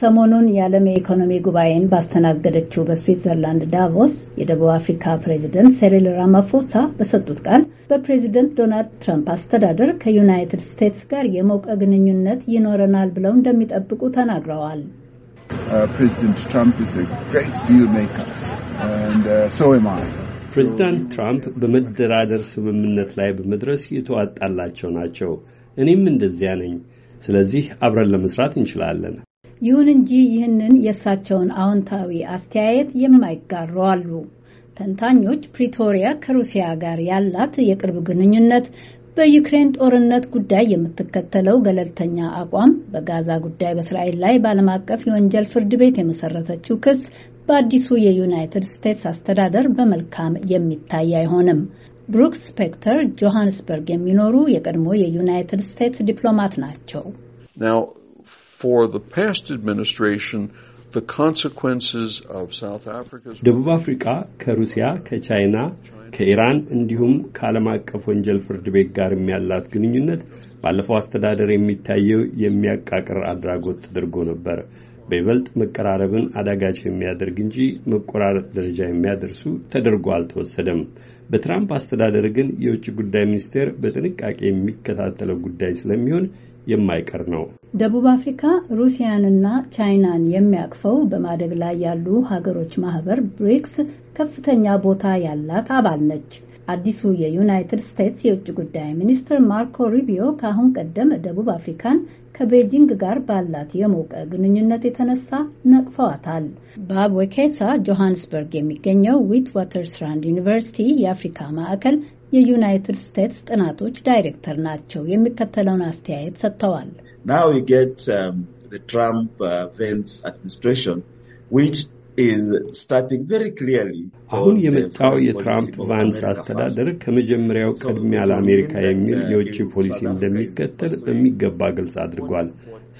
ሰሞኑን የዓለም የኢኮኖሚ ጉባኤን ባስተናገደችው በስዊትዘርላንድ ዳቮስ የደቡብ አፍሪካ ፕሬዚደንት ሴሪል ራማፎሳ በሰጡት ቃል በፕሬዚደንት ዶናልድ ትራምፕ አስተዳደር ከዩናይትድ ስቴትስ ጋር የሞቀ ግንኙነት ይኖረናል ብለው እንደሚጠብቁ ተናግረዋል። uh, uh, ፕሬዚዳንት ትራምፕ በመደራደር ስምምነት ላይ በመድረስ የተዋጣላቸው ናቸው። እኔም እንደዚያ ነኝ። ስለዚህ አብረን ለመስራት እንችላለን። ይሁን እንጂ ይህንን የእሳቸውን አዎንታዊ አስተያየት የማይጋሩ አሉ። ተንታኞች ፕሪቶሪያ ከሩሲያ ጋር ያላት የቅርብ ግንኙነት፣ በዩክሬን ጦርነት ጉዳይ የምትከተለው ገለልተኛ አቋም፣ በጋዛ ጉዳይ በእስራኤል ላይ በዓለም አቀፍ የወንጀል ፍርድ ቤት የመሰረተችው ክስ በአዲሱ የዩናይትድ ስቴትስ አስተዳደር በመልካም የሚታይ አይሆንም። ብሩክ ስፔክተር ጆሃንስበርግ የሚኖሩ የቀድሞ የዩናይትድ ስቴትስ ዲፕሎማት ናቸው። ደቡብ አፍሪካ ከሩሲያ፣ ከቻይና፣ ከኢራን እንዲሁም ከዓለም አቀፍ ወንጀል ፍርድ ቤት ጋር ያላት ግንኙነት ባለፈው አስተዳደር የሚታየው የሚያቃቅር አድራጎት ተደርጎ ነበር። በይበልጥ መቀራረብን አዳጋች የሚያደርግ እንጂ መቆራረጥ ደረጃ የሚያደርሱ ተደርጎ አልተወሰደም። በትራምፕ አስተዳደር ግን የውጭ ጉዳይ ሚኒስቴር በጥንቃቄ የሚከታተለው ጉዳይ ስለሚሆን የማይቀር ነው። ደቡብ አፍሪካ ሩሲያንና ቻይናን የሚያቅፈው በማደግ ላይ ያሉ ሀገሮች ማህበር ብሪክስ ከፍተኛ ቦታ ያላት አባል ነች። አዲሱ የዩናይትድ ስቴትስ የውጭ ጉዳይ ሚኒስትር ማርኮ ሩቢዮ ከአሁን ቀደም ደቡብ አፍሪካን ከቤጂንግ ጋር ባላት የሞቀ ግንኙነት የተነሳ ነቅፈዋታል። ባብ ወኬሳ ጆሃንስበርግ የሚገኘው ዊት ዋተርስራንድ ዩኒቨርሲቲ የአፍሪካ ማዕከል የዩናይትድ ስቴትስ ጥናቶች ዳይሬክተር ናቸው። የሚከተለውን አስተያየት ሰጥተዋል። um, uh, አሁን የመጣው የትራምፕ ቫንስ አስተዳደር ከመጀመሪያው ቅድሚያ ለአሜሪካ uh, የሚል የውጭ ፖሊሲ እንደሚከተል በሚገባ ግልጽ አድርጓል።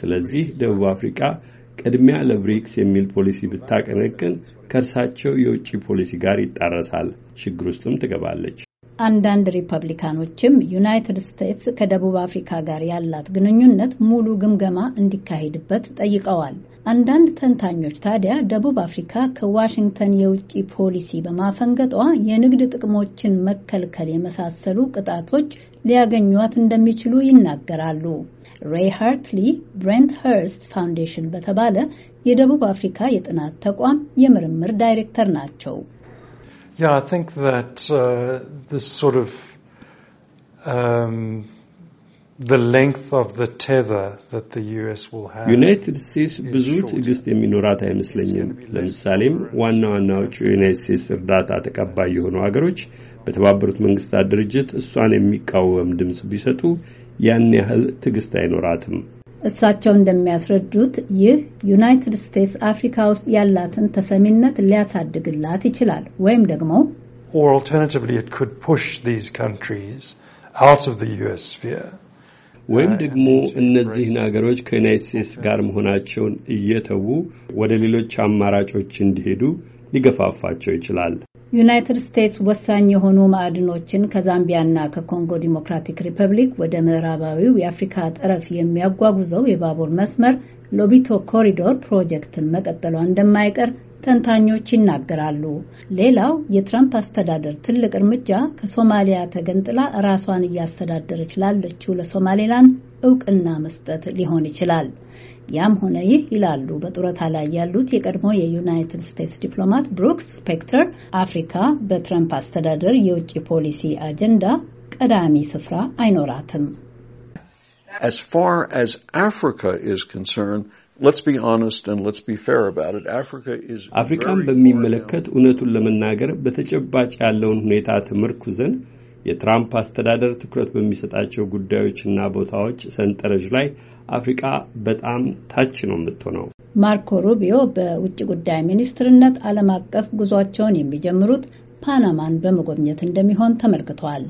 ስለዚህ ደቡብ አፍሪካ ቅድሚያ ለብሪክስ የሚል ፖሊሲ ብታቀነቅን ከእርሳቸው የውጭ ፖሊሲ ጋር ይጣረሳል፣ ችግር ውስጥም ትገባለች። አንዳንድ ሪፐብሊካኖችም ዩናይትድ ስቴትስ ከደቡብ አፍሪካ ጋር ያላት ግንኙነት ሙሉ ግምገማ እንዲካሄድበት ጠይቀዋል። አንዳንድ ተንታኞች ታዲያ ደቡብ አፍሪካ ከዋሽንግተን የውጭ ፖሊሲ በማፈንገጧ የንግድ ጥቅሞችን መከልከል የመሳሰሉ ቅጣቶች ሊያገኟት እንደሚችሉ ይናገራሉ። ሬይ ሃርትሊ ብሬንት ኸርስት ፋውንዴሽን በተባለ የደቡብ አፍሪካ የጥናት ተቋም የምርምር ዳይሬክተር ናቸው። Yeah, I think that uh, this sort of um, the length of the tether that the US will have ዩናይትድ ስቴትስ ብዙ ትዕግስት የሚኖራት አይመስለኝም። ለምሳሌም ዋና ዋናዎቹ የዩናይትድ ስቴትስ እርዳታ ተቀባይ የሆኑ ሀገሮች በተባበሩት መንግስታት ድርጅት እሷን የሚቃወም ድምፅ ቢሰጡ ያን ያህል ትዕግስት አይኖራትም። እሳቸው እንደሚያስረዱት ይህ ዩናይትድ ስቴትስ አፍሪካ ውስጥ ያላትን ተሰሚነት ሊያሳድግላት ይችላል ወይም ደግሞ ወይም uh, ደግሞ እነዚህን አገሮች ከዩናይት ስቴትስ ጋር መሆናቸውን እየተዉ ወደ ሌሎች አማራጮች እንዲሄዱ ሊገፋፋቸው ይችላል። ዩናይትድ ስቴትስ ወሳኝ የሆኑ ማዕድኖችን ከዛምቢያና ከኮንጎ ዲሞክራቲክ ሪፐብሊክ ወደ ምዕራባዊው የአፍሪካ ጠረፍ የሚያጓጉዘው የባቡር መስመር ሎቢቶ ኮሪዶር ፕሮጀክትን መቀጠሏ እንደማይቀር ተንታኞች ይናገራሉ። ሌላው የትራምፕ አስተዳደር ትልቅ እርምጃ ከሶማሊያ ተገንጥላ ራሷን እያስተዳደረች ላለችው ለሶማሌላንድ እውቅና መስጠት ሊሆን ይችላል። ያም ሆነ ይህ ይላሉ በጡረታ ላይ ያሉት የቀድሞ የዩናይትድ ስቴትስ ዲፕሎማት ብሩክስ ስፔክተር፣ አፍሪካ በትራምፕ አስተዳደር የውጭ ፖሊሲ አጀንዳ ቀዳሚ ስፍራ አይኖራትም። As far as Africa is concerned, አፍሪካን በሚመለከት እውነቱን ለመናገር በተጨባጭ ያለውን ሁኔታ ተመርኩዘን የትራምፕ አስተዳደር ትኩረት በሚሰጣቸው ጉዳዮችና ቦታዎች ሰንጠረዥ ላይ አፍሪካ በጣም ታች ነው የምትሆነው። ማርኮ ሩቢዮ በውጭ ጉዳይ ሚኒስትርነት ዓለም አቀፍ ጉዟቸውን የሚጀምሩት ፓናማን በመጎብኘት እንደሚሆን ተመልክቷል።